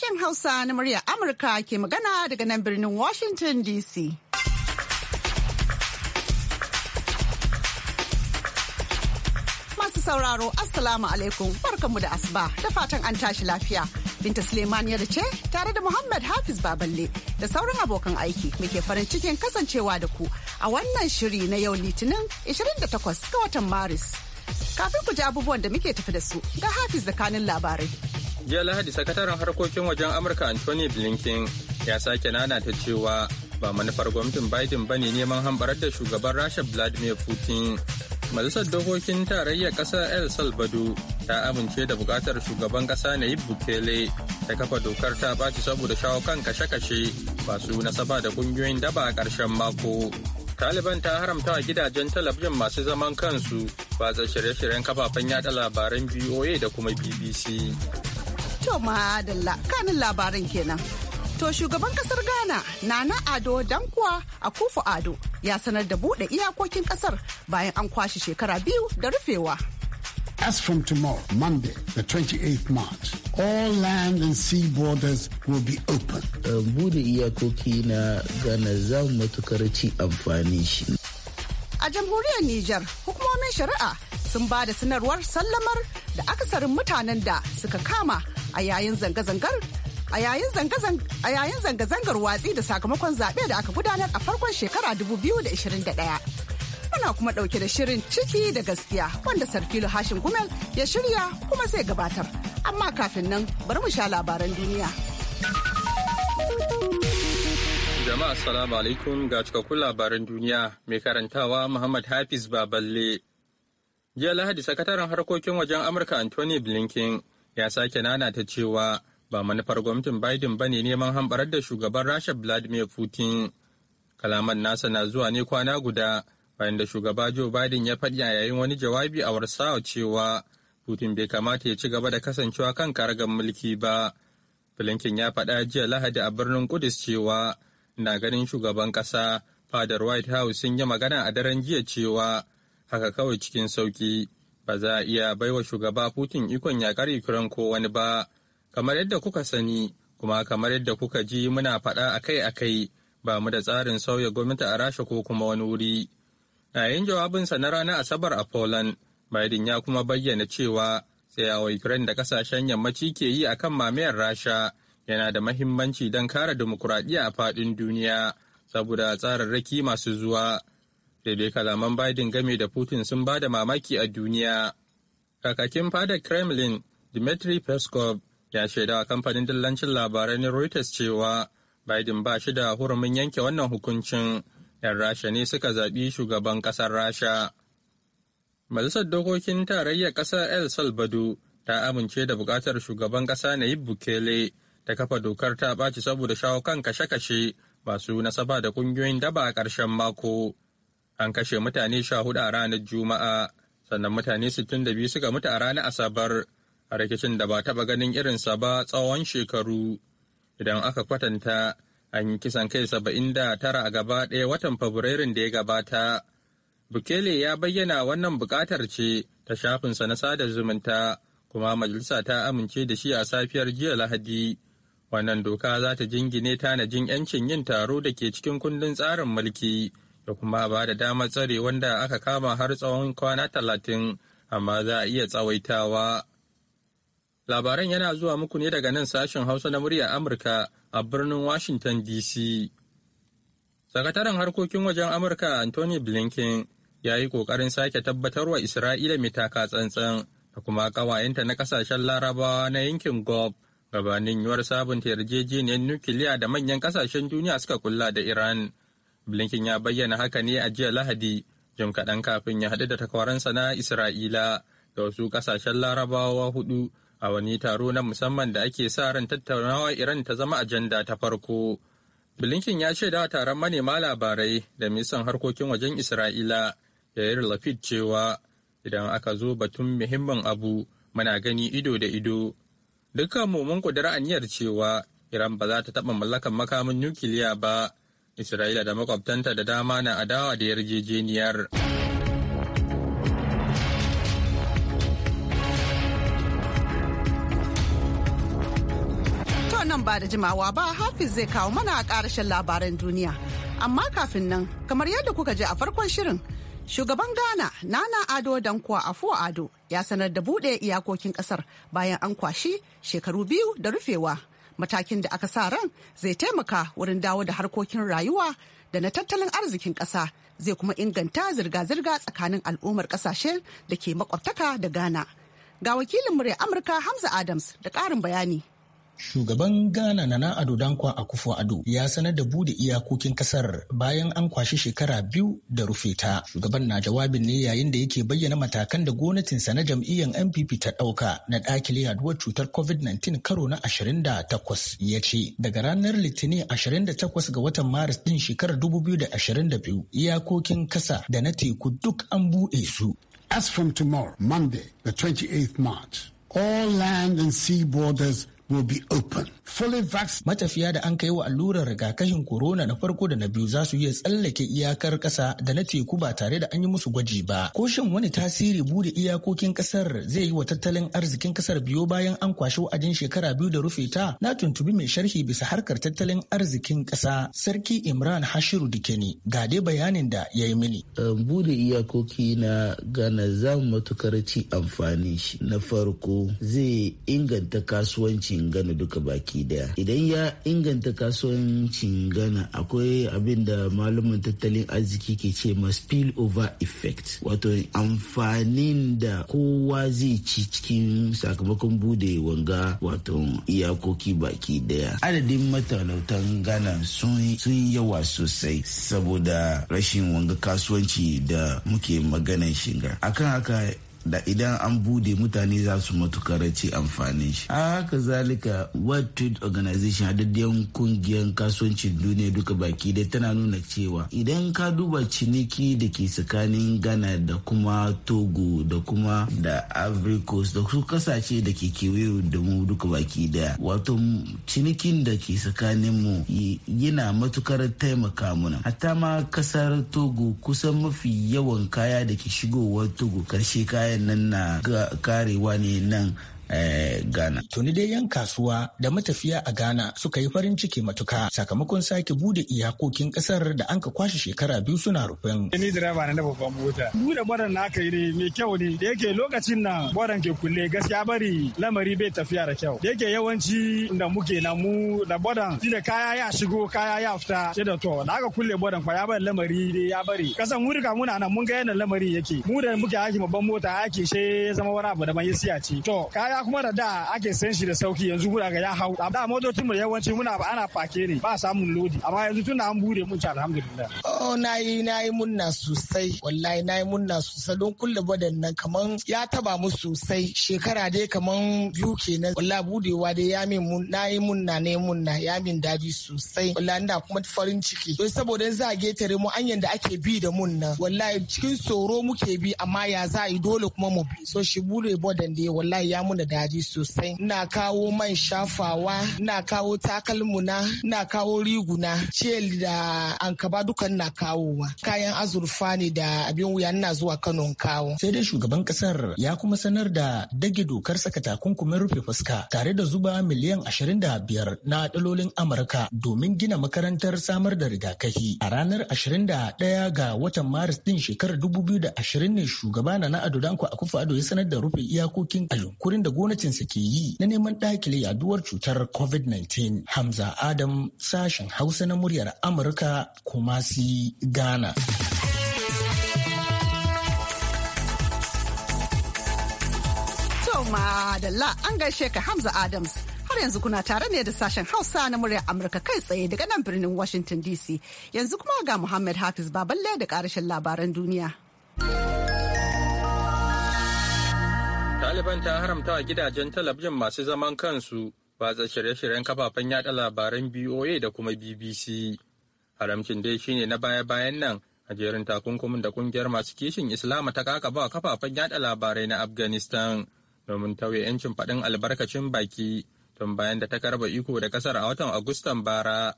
sashen Hausa na muryar Amurka ke magana daga nan birnin Washington DC. Masu sauraro, Assalamu alaikum mu da asuba da fatan an tashi lafiya. Binta Suleiman ya ce tare da Muhammad Hafiz Baballe da sauran abokan aiki muke farin cikin kasancewa da ku a wannan shiri na yau Litinin 28 ga watan Maris. Kafin ku ji abubuwan da muke tafi da su ga Hafiz da kanin labarai. jiya lahadi sakataren harkokin wajen amurka anthony blinken ya sake nana ta cewa ba manufar gwamnatin biden ba ne neman hambarar da shugaban rasha vladimir putin majalisar dokokin tarayyar ƙasar el salvador ta amince da buƙatar shugaban ƙasa na bukele ta kafa dokar ta ɓaci saboda shawo kan kashe-kashe masu nasaba da ƙungiyoyin daba a ƙarshen mako taliban ta haramta wa gidajen talabijin masu zaman kansu watsa shirye-shiryen kafafen yaɗa labaran voa da kuma bbc To madalla kanin labaran kenan. To shugaban kasar Ghana Nana Ado Dankuwa a kufu Ado ya sanar da bude iyakokin kasar bayan an kwashe shekara biyu da rufewa. As from tomorrow, Monday, the 28th March, all land and sea borders will be open. Eh, bude iyakoki na Ghana za matukar ci amfani shi. A jamhuriyar Nijar, hukumomin shari'a sun ba da sanarwar sallamar da akasarin mutanen da suka kama a yayin zanga-zangar a yayin zanga-zangar watsi da sakamakon zaɓe da aka gudanar a farkon shekara 2021 muna kuma ɗauke da shirin ciki da gaskiya wanda sarfilo hashin gumel ya shirya kuma sai gabatar amma kafin nan bari mu sha labaran duniya jama'a assalamu alaikum ga cikakkun labaran duniya mai karantawa muhammad hafiz baballe jiya lahadi sakataren harkokin wajen amurka anthony blinken ya sake nana ta cewa ba manufar gwamnatin Biden ba ne neman hambarar da shugaban Rasha Vladimir Putin. Kalaman nasa na zuwa ne kwana guda bayan da shugaba Joe Biden ya faɗi a yayin wani jawabi a Warsawa cewa Putin bai kamata ya ci gaba da kasancewa kan karagar mulki ba. Blinken ya faɗa jiya Lahadi a birnin Kudus cewa na ganin shugaban ƙasa fadar White House sun yi magana a daren jiya cewa haka kawai cikin sauki ba za a iya baiwa shugaba Putin ikon yakar Ukraine ko wani ba, kamar yadda kuka sani kuma kamar yadda kuka ji muna faɗa akai-akai ba mu da tsarin sauya gwamnati a Rasha ko kuma wani wuri. Yayin jawabinsa na ranar Asabar a Poland, Biden ya kuma bayyana cewa tsayawa Ukraine da kasashen yammaci ke yi akan mamayar Rasha yana da mahimmanci don kare dimokuraɗiyya a faɗin duniya saboda tsararraki masu zuwa. sai dai kalaman Biden game da Putin sun ba da mamaki a duniya. Kakakin fadar Kremlin, Dmitry Peskov, ya shaida a kamfanin dillancin labarai na Reuters cewa Biden ba shi da hurumin yanke wannan hukuncin, ‘yan Rasha ne suka zaɓi shugaban ƙasar Rasha. Majalisar Dokokin Tarayyar Ƙasar El Salvador ta amince da buƙatar shugaban ƙasa yi Bukele ta kafa dokar ta ɓaci saboda shawo kan kashe-kashe masu nasaba da ƙungiyoyin daba a ƙarshen mako. an kashe mutane sha hudu a ranar juma'a sannan mutane sittin da biyu suka mutu a ranar asabar a rikicin da ba taba ganin irinsa ba tsawon shekaru idan aka kwatanta an yi kisan kai saba'in da tara a gaba ɗaya watan fabrairun da ya gabata bukele ya bayyana wannan bukatar ce ta shafinsa na sada zumunta kuma majalisa ta amince da shi a safiyar jiya lahadi wannan doka za ta jingine tanajin 'yancin yin taro da ke cikin kundin tsarin mulki da kuma ba da damar tsare wanda aka kama har tsawon kwana talatin amma za a iya tsawaitawa. Labaran yana zuwa muku ne daga nan sashen Hausa na murya Amurka a birnin Washington DC. Sakataren harkokin wajen Amurka Anthony Blinken ya yi ƙoƙarin sake tabbatarwa Isra'ila mai taka tsantsan da kuma ƙawayenta na ƙasashen Larabawa na yankin Gob gabanin yuwar sabunta yarjejeniyar nukiliya da manyan ƙasashen duniya suka kulla da Iran. Blinken ya bayyana haka ne a jiya Lahadi, jim kaɗan kafin ya haɗu da takwaransa na Isra'ila da wasu ƙasashen larabawa hudu a wani taro na musamman da ake sa ran tattaunawa Iran ta zama ajanda ta farko. Blinken ya ce da taron manema labarai da misan harkokin wajen Isra'ila da Yair Lapid cewa idan aka zo batun muhimmin abu muna gani ido da ido. Dukkan mu mun kudura aniyar cewa Iran ba za ta taɓa mallakan makamin nukiliya ba Isra'ila da makwabtanta da dama na adawa da yarjejeniyar. To nan ba da jimawa ba hafiz zai kawo mana a karashen labaran duniya amma kafin nan kamar yadda kuka je a farkon shirin shugaban ghana nana ado dankwa afuwa ado ya sanar da buɗe iyakokin ƙasar bayan an kwashi shekaru biyu da rufewa matakin da aka sa ran zai taimaka wurin dawo da harkokin rayuwa da na tattalin arzikin ƙasa zai kuma inganta zirga-zirga tsakanin al'ummar ƙasashen da ke makwabtaka da ghana ga wakilin murya amurka hamza adams da ƙarin bayani Shugaban Ghana na Ado Dankwa Akufo Ado ya sanar da bude iyakokin kasar bayan an kwashi shekara biyu da rufe ta. Shugaban na jawabin ne yayin da yake bayyana matakan da gwamnatinsa na jam'iyyar NPP ta ɗauka na dakile yaduwar cutar COVID-19 karo na 28 ya ce daga ranar Litinin 28 ga watan Maris ɗin shekarar 2022 iyakokin kasa da na teku duk an buɗe su. As from tomorrow, Monday, the 28th March, all land and sea borders will be open. Vax matafiya da an kai wa allurar rigakafin corona na farko da na biyu za su iya tsallake iyakar ƙasa da na teku ba tare da an yi musu gwaji ba. Ko shin wani tasiri bude iyakokin ƙasar zai yi wa tattalin arzikin ƙasar biyo bayan an kwashi wa'adin shekara biyu da rufe ta? Na tuntubi mai sharhi bisa harkar tattalin arzikin ƙasa Sarki Imran Hashiru Dikeni ga dai bayanin da ya yi mini. Bude iyakoki na gana za matukar ci amfani shi. Na farko zai inganta kasuwancin gana duka baki baki daya idan ya inganta kasuwancin ghana akwai abin da malamin tattalin arziki ke ce ma spill over effect wato amfanin da kowa zai ci cikin sakamakon bude wanga wato iyakoki baki daya adadin matalautan ghana sun yawa sosai saboda rashin wanga kasuwanci da muke maganan shiga akan haka da idan an bude mutane za su ci amfanin shi a haka zalika world trade organization hadaddiyan kungiyar kasuwancin duniya duka baki da tana nuna cewa idan ka duba ciniki da ke tsakanin ghana da kuma togo da kuma da ivory coast da su kasashe da ke kewaye da mu duka baki daya wato cinikin da ke tsakanin mu yana matukar taimaka muna hatta ma kasar togo kusan mafi yawan kaya da ke shigowa togo karshe kaya wayannan na karewa ne nan Eh, Ghana. Tuni dai 'yan kasuwa da matafiya a Ghana suka yi farin ciki matuka sakamakon sake bude iyakokin kasar da an ka kwashe shekara biyu suna rufin. Ni direba na babban mota. Bude bodan na aka yi ne mai kyau ne da yake lokacin nan bodan ke kulle gaskiya bari lamari bai tafiya da kyau. Da yake yawanci da muke na mu da bodan shi da kaya ya shigo kaya ya fita sai da to da aka kulle bodan fa ya bari lamari dai ya bari. Kasan mu riga muna nan mun ga yanayin lamari yake. Mu da muke aiki babban mota aiki sai ya zama wani abu da ban yi siya To kaya kaya kuma da da ake sayan shi da sauki yanzu muna ga ya hau da motocin mu yawanci muna ana fake ne ba samun lodi amma yanzu tunda an bude mun ci alhamdulillah oh nayi nayi munna sosai wallahi nayi munna sosai don badan nan kaman ya taba mu sosai shekara dai kaman biyu kenan wallahi budewa dai ya min mun nayi munna ne munna ya min dadi sosai wallahi ina kuma farin ciki don saboda za a getare mu anyan da ake bi da mun nan wallahi cikin tsoro muke bi amma ya za a yi dole kuma mu bi so shi bude badan dai wallahi ya muna daji sosai na kawo man shafawa na kawo takalmuna na kawo riguna cel da ankaba dukan na kawowa kayan azurfa ne da abin wuya na zuwa kano kawo sai dai shugaban kasar ya kuma sanar da dage dokar saka takunkumin rufe fuska tare da zuba miliyan 25 na dalolin amurka domin gina makarantar samar da rigakafi a ranar 21 ga watan maris din shekarar 2020 ne shugaba na na ado danko akufa ado ya sanar da rufe iyakokin alunkurin da gwamnatinsa ke yi na neman dakile yaduwar cutar COVID-19. Hamza Adam sashen Hausa na muryar Amurka Kumasi Ghana. madalla da la an gaishe ka Hamza Adams. har yanzu kuna tare ne da sashen hausa na muryar amurka kai tsaye daga nan birnin washington dc yanzu kuma ga muhammad hafiz baballe da karashin labaran duniya Taliban ta haramta wa gidajen talabijin masu zaman kansu watsa shirye-shiryen kafafen yada labaran BOA da kuma BBC. Haramcin dai shine na baya-bayan nan a jerin takunkumin da kungiyar masu kishin Islama ta kaka kakaba kafafen yada labarai na Afghanistan domin tauye 'yancin faɗin albarkacin baki tun bayan da ta karba iko da kasar a watan Agustan bara.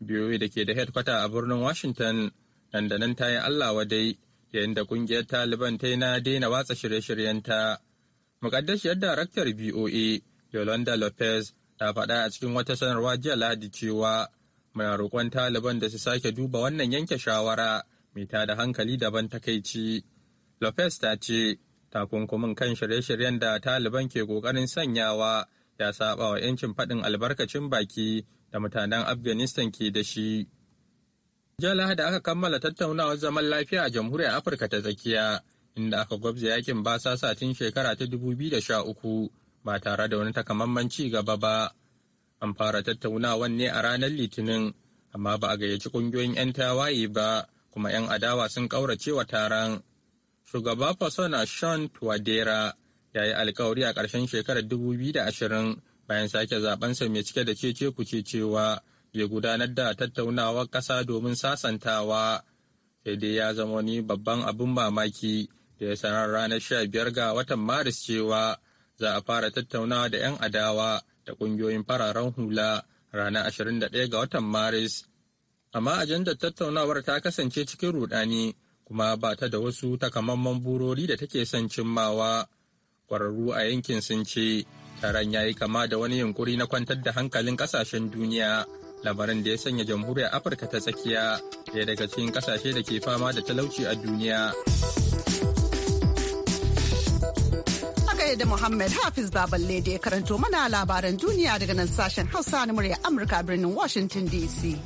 BOA da ke da hedkwata a birnin Washington nan da nan ta yi Allah wadai yayin da kungiyar Taliban ta yi na daina watsa shirye shiryen ta. Mukaddashiyar daraktar BOA Yolanda Lopez ta faɗa a cikin wata sanarwa jiya Lahadi cewa muna roƙon Taliban da su sake duba wannan yanke shawara mai da hankali daban takaici. Lopez ta ce takunkumin kan shirye-shiryen da Taliban ke ƙoƙarin sanyawa ya saba wa 'yancin faɗin albarkacin baki da mutanen Afghanistan ke da shi. Jiya Lahadi aka kammala tattaunawar zaman lafiya a Jamhuriyar Afirka ta Tsakiya. inda aka gwabza yakin basasa tun shekara ta da sha uku ba tare da wani takamaiman ci gaba ba. An fara tattaunawan ne a ranar Litinin, amma ba a gayyaci ƙungiyoyin 'yan tawaye ba, kuma 'yan adawa sun wa taron. Shugaba Fasona shan Tuwadera ya yi alkawari a ƙarshen shekarar da ashirin bayan sake zabensa mai cike da cece kuce cewa ya gudanar da tattaunawar ƙasa domin sasantawa. Sai dai ya zama wani babban abin mamaki da ya sanar ranar 15 ga watan Maris cewa za a fara tattaunawa da 'yan adawa da ƙungiyoyin fararen hula ranar 21 ga watan Maris. Amma ajandar tattaunawar ta kasance cikin rudani kuma ba ta da wasu takamaiman burori da take son cimmawa. Ƙwararru a yankin sun ce, taron ya yi kama da wani yunkuri na kwantar da hankalin kasashen duniya. lamarin da ya sanya jamhuriyar afirka ta tsakiya daya daga cikin kasashe da ke fama da talauci a duniya. da Muhammad Hafiz Baballe da ya karanto mana labaran duniya daga nan sashen Hausa na murya Amurka birnin Washington DC.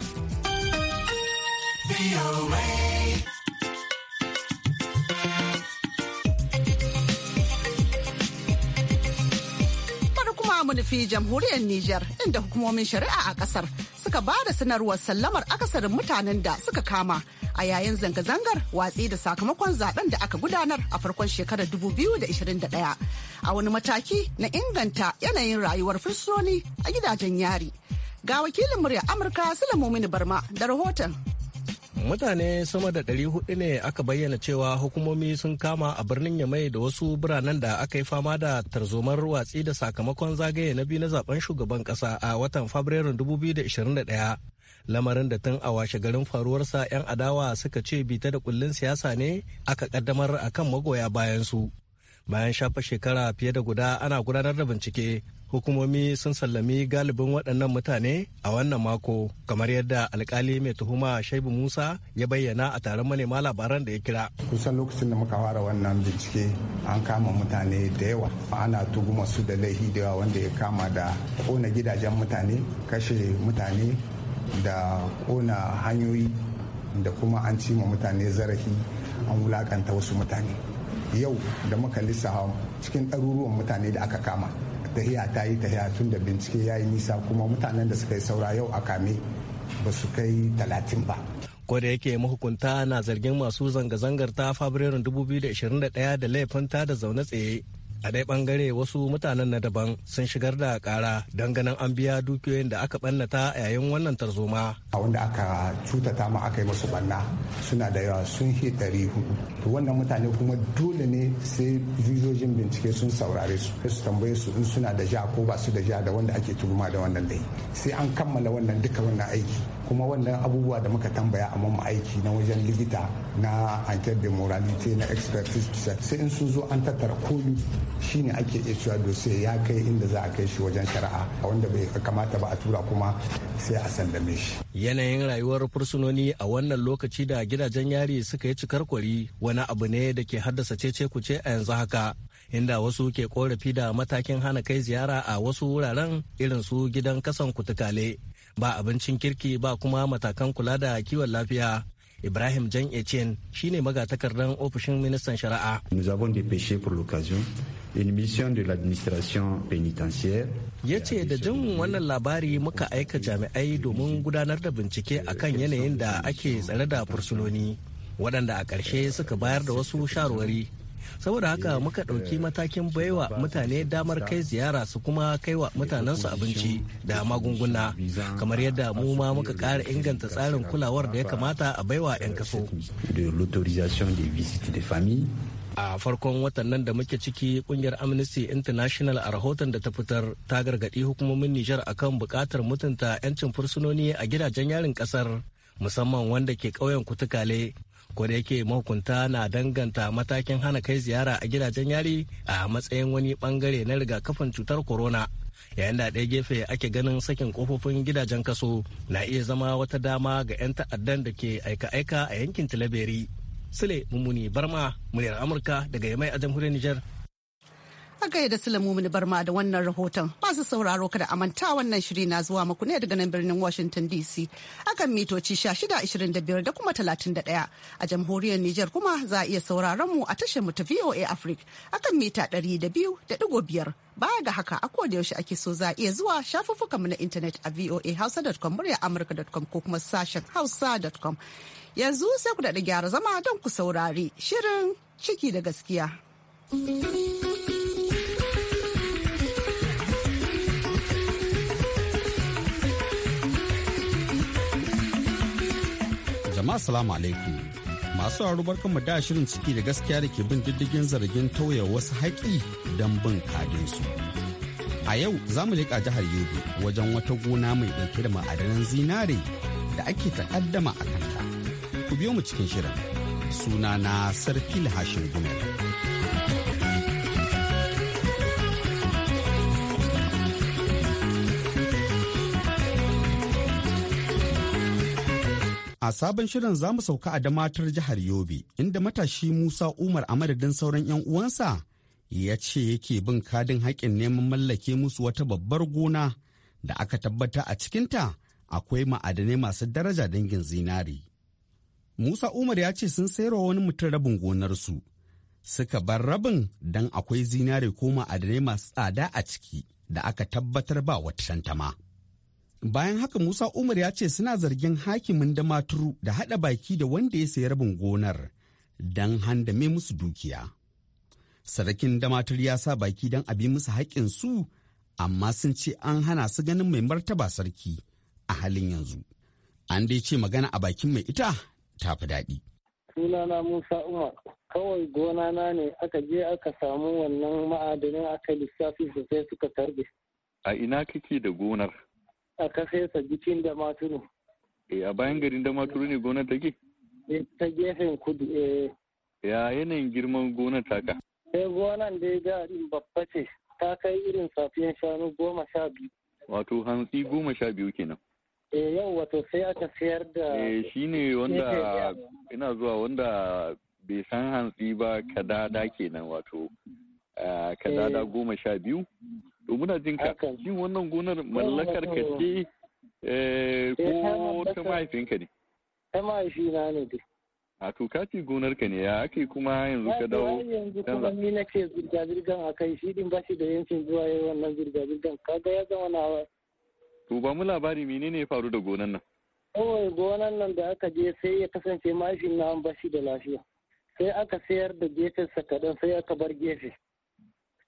mu nufi jamhuriyar Nijar inda hukumomin shari'a a kasar suka ba da sanarwar sallamar akasarin mutanen da suka kama a yayin zanga-zangar watsi da sakamakon zaben da aka gudanar a farkon shekarar 2021 a wani mataki na inganta yanayin rayuwar fursoni a gidajen yari. Ga wakilin murya Amurka muminu Barma da rahoton mutane sama da ɗari 400 ne aka bayyana cewa hukumomi sun kama a birnin yamai da wasu biranen da aka yi fama da tarzomar watsi da sakamakon zagaye na biyu na zaben shugaban kasa a watan fabrairun 2021 lamarin da tun a washe garin faruwarsa 'yan adawa suka ce bita da kullun siyasa ne aka kaddamar akan magoya bayan su bayan shafa shekara fiye da guda ana gudanar da bincike hukumomi sun sallami galibin waɗannan mutane a wannan mako kamar yadda alkali mai tuhuma shaibu musa ya bayyana a taron manema labaran da ya kira kusan lokacin da muka fara wannan bincike an kama mutane da yawa ana tuhuma su da laifi da yawa wanda ya kama da kona gidajen mutane kashe mutane da kona hanyoyi da kuma an ci ma mutane zarafi an wulakanta wasu mutane yau da muka lissafa cikin ɗaruruwan mutane da aka kama tahiya ta yi tahiya tun da bincike ya yi nisa kuma mutanen da suka yi saura yau a kame ba su kai talatin ba da yake mahukunta na zargin masu zanga-zangar ta fabrairun 2021 da laifin ta da zaune tsaye a dai bangare wasu mutanen na daban sun shigar da kara don ganin an biya dukiyoyin da aka bannata yayin wannan tarzoma a wanda aka cutata ma aka yi musu banna suna da yawa sun hi ɗari hudu to wannan mutane kuma dole ne sai jujojin bincike sun saurare su su tambaye su in suna da ja ko ba su da ja da wanda ake tuhuma da wannan dai sai an kammala wannan duka wannan aiki kuma wannan abubuwa da muka tambaya a mamma aiki na wajen likita na anke de moralité na expertise sai in sun zo an tattara komi shine ake iya cewa ya kai inda za a kai shi wajen shari'a wanda bai kamata ba a tura kuma sai a sallame shi yanayin rayuwar fursunoni a wannan lokaci da gidajen yari suka yi cikar kwari wani abu ne da ke haddasa cece kuce a yanzu haka inda wasu ke korafi da matakin hana kai ziyara a wasu wuraren irin su gidan kasan kutukale ba abincin kirki ba kuma matakan kula da kiwon lafiya Ibrahim Jan shi shine magatakardan ofishin ministan shari'a. Nous avons dépêché pour l'occasion une mission de l'administration pénitentiaire. Ya ce da jin wannan labari muka aika jami'ai domin gudanar da bincike akan yanayin da ake tsare da fursunoni waɗanda a ƙarshe suka bayar da wasu shawarwari saboda haka muka ɗauki matakin baiwa mutane damar kai ziyara su kuma kaiwa mutanensu abinci da magunguna kamar yadda mu ma muka ƙara inganta tsarin kulawar da ya kamata a baiwa 'yan kaso a farkon watan nan da muke ciki kungiyar amnesty international a rahoton da ta fitar ta gargaɗi hukumomin nijar akan bukatar mutunta 'yancin fursunoni a gidajen yarin ƙasar musamman wanda ke ƙauyen kutukale da yake mahukunta na danganta matakin hana kai ziyara a gidajen yari a matsayin wani bangare na rigakafin cutar corona yayin da ɗaya gefe ake ganin sakin kofofin gidajen kaso na iya zama wata dama ga 'yan ta'addan da ke aika-aika a yankin tilaberi sule mummuni barma muryar amurka daga yamai a jamhuriyar niger Haka da Sulamu mini barma da wannan rahoton masu sauraro kada a manta wannan shiri na zuwa muku ne daga nan birnin Washington DC akan mitoci 1625 da kuma 31 a jamhuriyar Nijar kuma za a iya sauraron mu a tashar mu ta VOA Africa akan mita 200.5 baya ga haka a yaushe ake so za a iya zuwa shafuffukanmu na intanet a hausa.com murya amurka.com ko kuma sashen hausa.com yanzu sai ku daɗa gyara zama don ku saurari shirin ciki da gaskiya. jama'a salamu alaikum masu harubar kanmu da shirin ciki da gaskiya da ke bin diddigin zargin tauye wasu haƙi don bin su a yau za mu leƙa jihar yobe wajen wata gona mai ɗauke da ma'adanan zinare da ake taƙaddama a kanta ku biyo mu cikin shirin suna na sarfil hashin gumel A sabon shirin za mu sauka a damatar jihar Yobe, inda matashi Musa Umar a madadin sauran 'yan uwansa ya ce yake bin kadin haƙƙin neman mallake musu wata babbar gona da aka tabbata a cikinta akwai ma'adanai masu daraja dangin zinari. Musa Umar ya ce sun sayarwa wani mutum rabin gonarsu, suka bar rabin don akwai zinari ko ma'adanai masu tsada a ciki da aka tabbatar ba wata tantama. bayan haka musa umar ya ce suna zargin hakimin da maturu da haɗa baki da wanda ya sayi rabin gonar don handame musu dukiya sarakin da maturu ya sa baki don abi musu su amma sun ce an hana su ganin mai martaba sarki a halin yanzu an dai ce magana a bakin mai ita ta fi daɗi sunana musa umar kawai gona na ne aka je aka samu wannan ma'adanin aka lissafi sosai suka tarbe a ina kake da gonar a kasarsa jikin da maturu. E, a bayan garin da maturu ne gonar take? E, ta gefen kudu e. Ya yanayin girman gonar taka? E, gonan dai in babba ce ta kai irin safiyan shanu goma sha biyu. Wato hantsi goma sha biyu kenan. E, yau wato sai aka sayar da. E, shi ne wanda ina zuwa wanda bai san hantsi ba kadada kenan wato. kadada goma sha biyu to muna jin ka shin wannan gonar mallakar ka ce eh, eh, ko ta mahaifinka ne ta mahaifina ne dai a to ka ce gonar ka ne ya ake kuma yanzu ka dawo yanzu kuma ni na ke zirga zirgan a kai shi din ba shi da yancin zuwa yayin wannan zirga zirgan kaga ya zama nawa to ba mu labari menene ya faru da gonar nan kawai gonar nan da aka je sai ya kasance mahaifin na ba shi da lafiya sai aka sayar da sa kaɗan sai aka bar gefe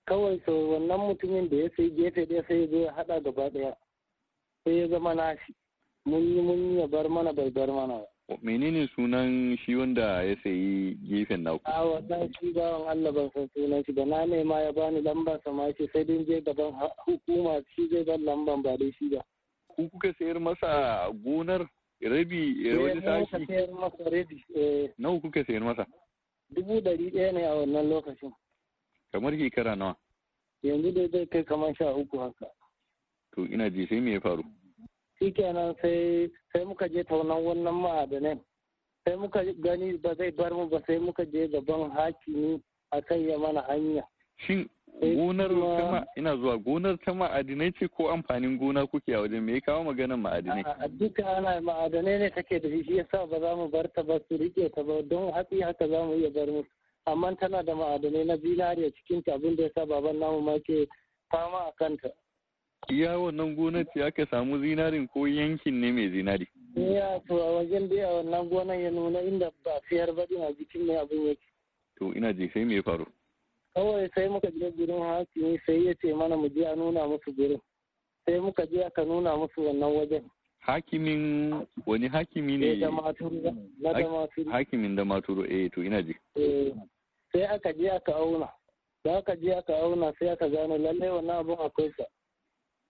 kawai sau wannan mutumin da ya sai gefe ɗaya sai ya zo ya haɗa gaba ɗaya sai ya zama nashi mun yi mun ya bar mana bai bar mana menene sunan shi wanda ya sayi gefen naku a wannan shi bawan Allah ban san sunan shi ba na ma ya bani lambar sama ce sai dai je gaban hukuma shi zai bar lambar ba dai shi ba ku kuka sayar masa gonar rabi eh, eh, wani sashi eh. nawa kuka sayar masa dubu ɗari ɗaya ne a wannan lokacin kamar shekara nawa yanzu dai zai kai kamar sha uku haka to ina ji sai me ya faru shikenan sai sai muka je taunan wannan ma'adanin sai muka gani ba zai bar mu ba sai muka je gaban hakimi a kai ya mana hanya shin gonar tama ina zuwa gonar ta ma'adinai ce ko amfanin gona kuke a wajen me ya kawo maganar ma'adinai duka ana ma'adanai ne take da shi yasa ba za mu bar ta ba su rike ta ba don hatsi haka za mu iya bar musu amma tana da ma'adanai na zinariya cikin ta abin da yasa baban namu ma ke fama a kanta iya wannan gonar ce aka samu zinarin ko yankin ne mai zinari iya to a wajen da a wannan gonar ya nuna inda ba siyar ba a jikin mai abin yake to ina je sai me ya faru kawai sai muka je gurin ne sai ya ce mana mu je a nuna musu gurin sai muka je aka nuna musu wannan wajen hakimin wani hakimi ne eh, na maturu. hakimin da maturu eh to ina ji eh. sai aka je aka auna da aka je aka auna sai aka gano lallai wannan abun akwai sa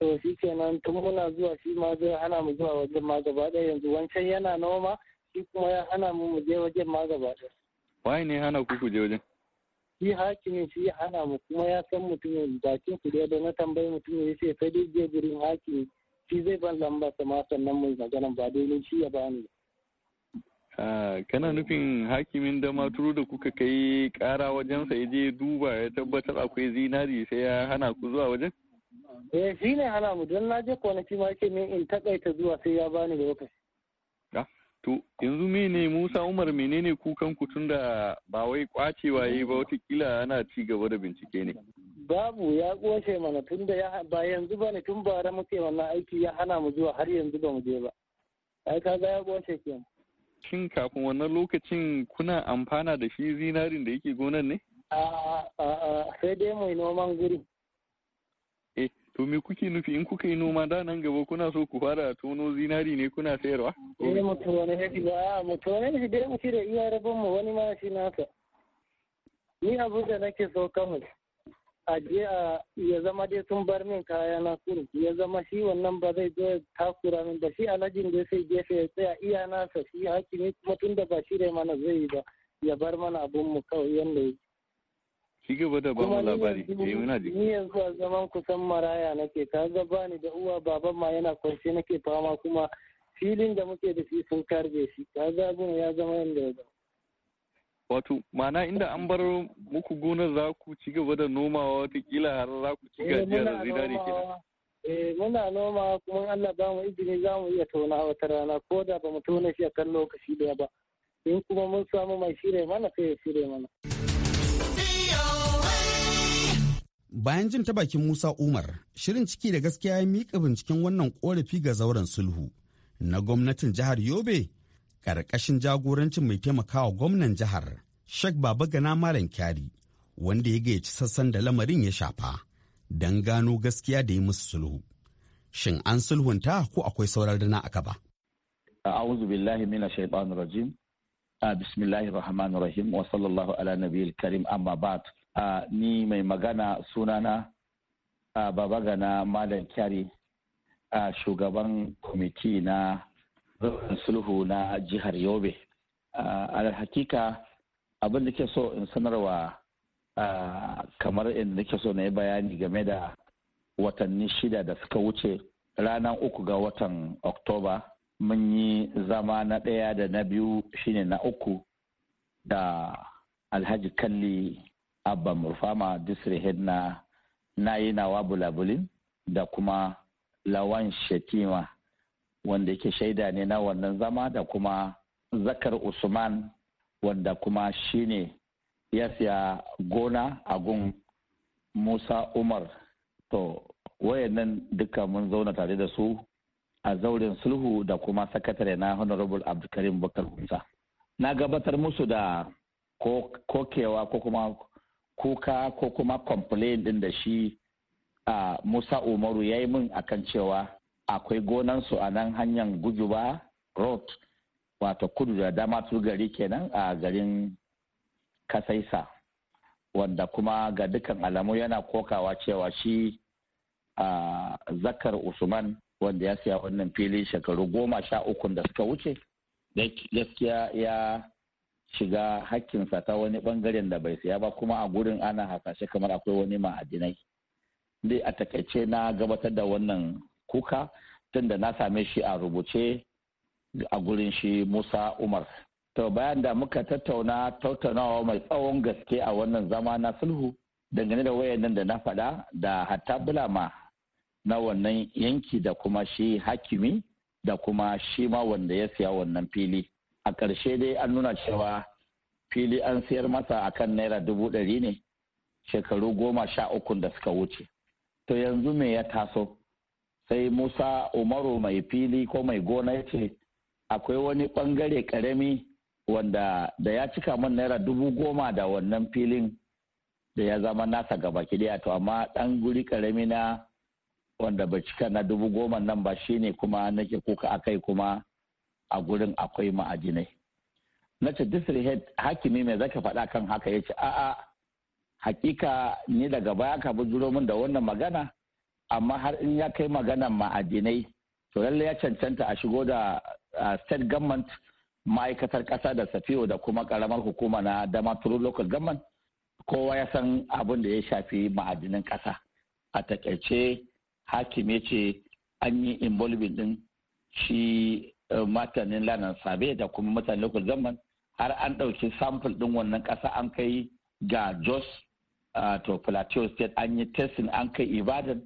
to shi kenan tun muna zuwa shi ma zai hana mu zuwa wajen ma gaba ɗaya yanzu wancan yana noma shi kuma ya hana mu mu je wajen ma gaba ɗaya. Waye ne hana ku ku je wajen? Shi hakimin shi ya hana mu kuma ya san mutumin bakin ku da na tambayi mutumin ya ce sai dai je gurin hakimi shi zai ban lamba sama sannan mu magana ba dole shi ya bani. Ah, kana nufin hakimin da maturu da kuka kai kara wajensa ya je duba ya tabbatar akwai zinari sai ya hana ku zuwa wajen? Eh shi ne hana mu don na je kwanaki ma ce min in takaita zuwa sai ya bani da lokaci. Ah, to yanzu mene Musa Umar menene kukan ku tunda ba wai kwacewa yi ba watakila ana ci gaba da bincike ne. Babu ya kwashe mana tunda ya ba yanzu ba ne tun bara muke wannan aiki ya hana mu zuwa har yanzu ba mu je ba. Ai kaga ya kwashe kenan. shin kafin wannan lokacin kuna amfana da shi zinarin da yake gonan ne? sai dai mai noman guri. Eh, to me kuke nufi in kuka yi noma da nan gaba kuna so ku fara tono zinari ne kuna sayarwa? Eh, mutu wani ya ba, mutu wani shi dai mu shi da iya rabin mu wani ma shi nasa. Ni abu da nake so kamar. aje a ya zama dai sun bar min kaya na kuru ya zama shi wannan ba zai zo takura min da shi alhajin da sai gefe ya tsaya iya nasa shi hakimi kuma tun da ba shi da mana zai yi ba ya bar mana abun mu kawai yanda yake shi gaba da ba mu labari eh muna ji yanzu a zaman kusan maraya nake ka ga bani da uwa baban ma yana kwance nake fama kuma filin da muke da shi sun karbe shi ka ga abun ya zama yanda ya zama wato mana inda an bar muku gonar za ku ci gaba da nomawa watakila har za ku ci eh, gajiya da zina ne kenan. Eh, muna noma kuma Allah ba mu izini za mu iya tona wata rana ko da ba mu tona shi a kan lokaci daya ba. In kuma mun samu mai shirya mana sai ya shirya mana. Bayan jin ta bakin Musa Umar, shirin ciki da gaskiya ya miƙa binciken wannan ƙorafi ga zauren sulhu na gwamnatin jihar Yobe ƙarƙashin jagorancin mai taimakawa gwamnan jihar Sheikh Baba Gana Malam Kyari wanda ya gayyaci sassan da lamarin ya shafa don gano gaskiya da yi musu sulhu. Shin an sulhunta ko akwai sauran rana aka ba? A'udhu billahi minash shaitanir rajim. Ah, bismillahir rahmanir rahim wa sallallahu ala nabiyil karim amma ba'd. Ah, ni mai magana sunana ah, Baba Gana Malam Kyari shugaban kwamiti na zauren sulhu na jihar yobe a hakika abin da ke so in sanarwa kamar inda nake so na yi bayani game da watanni shida da suka wuce ranar uku ga watan oktoba mun yi zama na ɗaya da na biyu shine na uku da alhaji kalli abba murfama disrehead na na yi nawa bulabulin da kuma lawan shetima wanda yake shaida ne na wannan zama da kuma zakar usman wanda kuma shine ya siya gona a gun musa umar to wayannan duka mun zauna tare da su a zauren sulhu da kuma sakatare na honorable abdulkarim bakar musa na gabatar musu da kokewa ko kuma kuka ko kuma complain din da shi a musa umaru ya yi min akan cewa akwai gonansu a nan hanyar gujuba road wato kudu da su gari kenan a garin kasaisa wanda kuma ga dukkan alamu yana kokawa cewa shi a zakar usman wanda ya siya wannan fili shekaru goma sha uku da suka wuce gaskiya ya shiga hakkinsa ta wani bangaren da bai siya ba kuma a gurin ana hasashe kamar akwai wani ma'adinai dai a takaice na gabatar da wannan kuka tunda na same shi a rubuce a gurin shi musa umar to bayan da muka tattauna tattaunawa mai tsawon gaske a wannan zama na sulhu dangane da wayannan da na faɗa da hatta bulama na wannan yanki da kuma shi hakimi da kuma shi ma wanda ya siya wannan fili a ƙarshe dai an nuna cewa fili an siyar masa akan naira dubu ɗari ne shekaru goma sha ukun da suka wuce to yanzu me ya taso sai musa umaru mai fili ko mai gona ya ce akwai wani bangare karami wanda da ya cika mun naira dubu goma da wannan filin da ya zama nasa gaba kidiya to amma dan guri karami na wanda ba cika na dubu goma nan ba shine kuma nake kuka akai kuma a gurin akwai ma'ajinai na ce head hakimi mai zaka faɗa kan haka ya ce a'a hakika ni daga baya ka bujuro min da wannan magana amma har in ya kai maganan ma'adinai to lallai ya cancanta a shigo da state government ma'aikatar kasa da safiyo da kuma karamar hukuma na damaturu local government kowa ya san abin da ya shafi ma'adinin kasa. a takaice hakime ce an yi involving din shi eh, matanin lanar sabe da kuma mutane local government har an ɗauki sample din wannan kasa an kai ga jos ah, to plateau state an yi testing an kai ibadan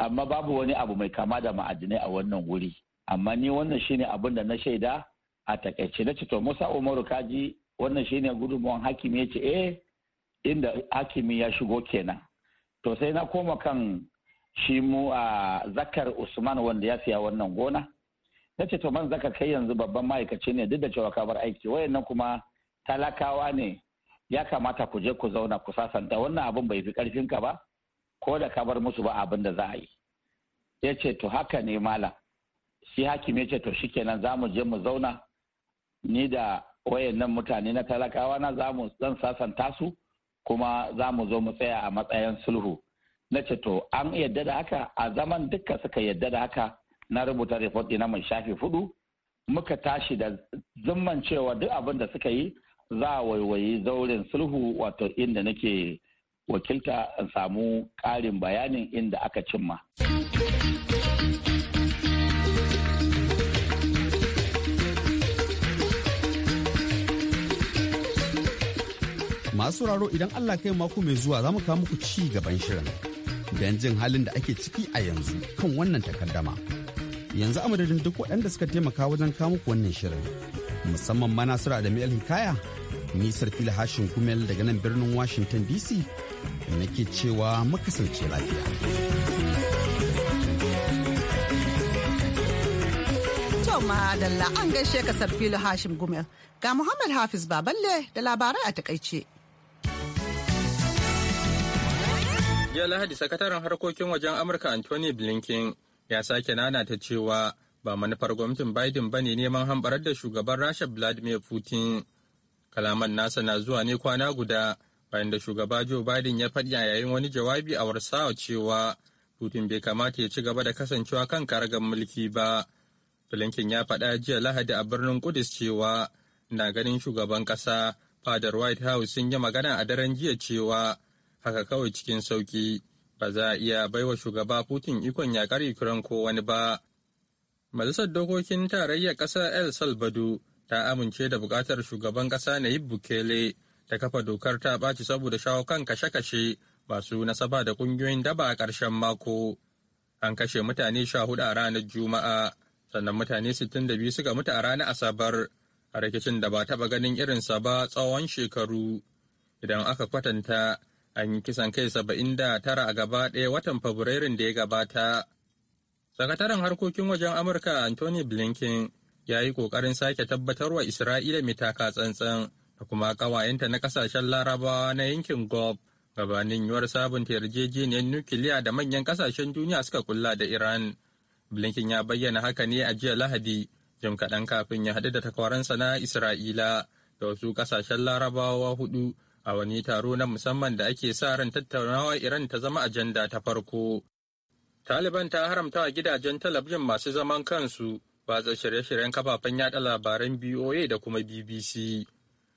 amma babu wani abu mai kama da ma'adinai a wannan wuri amma ni wannan shine abin da na shaida a takaice na to musa umaru kaji wannan shine gudunmuwan hakimi ya ce eh inda hakimi ya shigo kenan to sai na koma kan shi mu a zakar usman wanda ya siya wannan gona na ce to man zakar kai yanzu babban ma'aikaci ne duk da cewa ka bar aiki wayannan kuma talakawa ne ya kamata ku je ku zauna ku sasanta wannan abin bai fi karfin ka ba ko da ka bar musu ba abin da za a yi ya ce to haka ne malam shi hakim ya ce to shikenan za mu je mu zauna ni da wayannan mutane na talakawa na za mu zan sasanta su kuma za mu zo mu tsaya a matsayin sulhu na ce to an yadda da haka a zaman dukka suka yadda da haka na rubuta report ɗina mai shafi hudu muka tashi da zumman cewa duk abin da suka yi za a waiwayi zaurin sulhu wato inda nake wakilta samu ƙarin bayanin inda aka cimma. masu raro idan Allah kai mako mai zuwa za mu kawo muku ci gaban shirin don jin halin da ake ciki a yanzu kan wannan takaddama. Yanzu amadadin duk waɗanda suka taimaka wajen kawo muku wannan shirin musamman ma da mai Hikaya, nisar fili Hashin Kumel daga nan birnin Washington DC da nake cewa makasance lafiya. Toma Dalla an gaishe kasar filo Hashim Gumel ga Muhammad Hafiz Baballe da labarai a takaice. Jiya Lahadi sakataren harkokin wajen Amurka Anthony Blinken ya sake nana ta cewa ba manufar gwamnatin Biden ba ne neman hambarar da shugaban Rasha Vladimir Putin. Kalaman nasa na zuwa ne kwana guda bayan da shugaba Joe Biden ya faɗi a yayin wani jawabi a Warsawa cewa Putin bai kamata ya ci gaba da kasancewa kan karagar mulki ba. Blinken ya faɗa jiya Lahadi a birnin Kudus cewa na ganin shugaban ƙasa fadar White House sun yi magana a daren jiya cewa haka kawai cikin sauki ba za a iya baiwa shugaba Putin ikon yakar Ukraine ko wani ba. Majalisar dokokin tarayyar ƙasar El Salvador ta amince da buƙatar shugaban ƙasa na yi Bukele ta kafa dokar ta ɓaci saboda shawo kan kashe-kashe masu nasaba da ƙungiyoyin daba a ƙarshen mako. An kashe mutane sha hudu a ranar Juma'a, sannan mutane sittin da biyu suka mutu a ranar Asabar, a rikicin da ba taɓa ganin irinsa ba tsawon shekaru. Idan aka kwatanta, an yi kisan kai saba'in da tara a gaba ɗaya watan Fabrairun da ya gabata. Sakataren harkokin wajen Amurka Anthony Blinken ya yi ƙoƙarin sake tabbatarwa Isra'ila mai taka tsantsan da kuma kawayenta na kasashen larabawa na yankin gob gabanin yiwuwar sabunta yarjejeniyar nukiliya da manyan kasashen duniya suka kulla da iran blinken ya bayyana haka ne a jiya lahadi jim kaɗan kafin ya haɗu da takwaransa na isra'ila da wasu kasashen larabawa hudu a wani taro na musamman da ake sa ran tattaunawa iran ta zama ajanda ta farko taliban ta haramta gidajen talabijin masu zaman kansu watsa shirye-shiryen kafafen yaɗa labaran boa da kuma bbc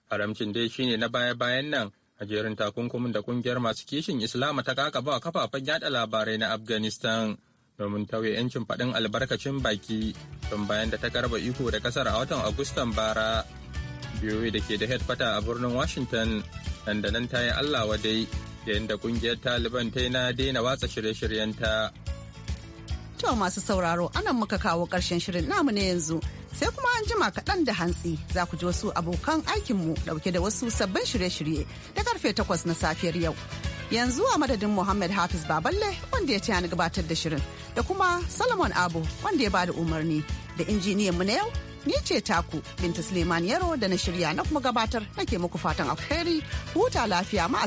haramcin dai shine na baya-bayan nan a jerin takunkumin da kungiyar masu kishin islama ta kaka ba kafafen yada labarai na afghanistan domin tauye 'yancin faɗin albarkacin baki don bayan da ta karba iko da kasar a watan agustan bara biyoyi da ke da hedfata a birnin washington nan da nan ta yi allah wadai yayin da kungiyar taliban ta yi na daina watsa shirye-shiryenta. To masu sauraro anan muka kawo karshen shirin namu ne yanzu sai kuma an jima kaɗan da hantsi za ku ji wasu abokan aikinmu ɗauke da wasu sabbin shirye-shirye da karfe takwas na safiyar yau. Yanzu a madadin Muhammad Hafiz Baballe wanda ya ce ni gabatar da shirin da kuma Solomon Abu wanda ya ba da umarni da injiniyan mu na yau ni ce taku Binta Suleiman Yaro da na shirya na kuma gabatar nake muku fatan alheri huta lafiya ma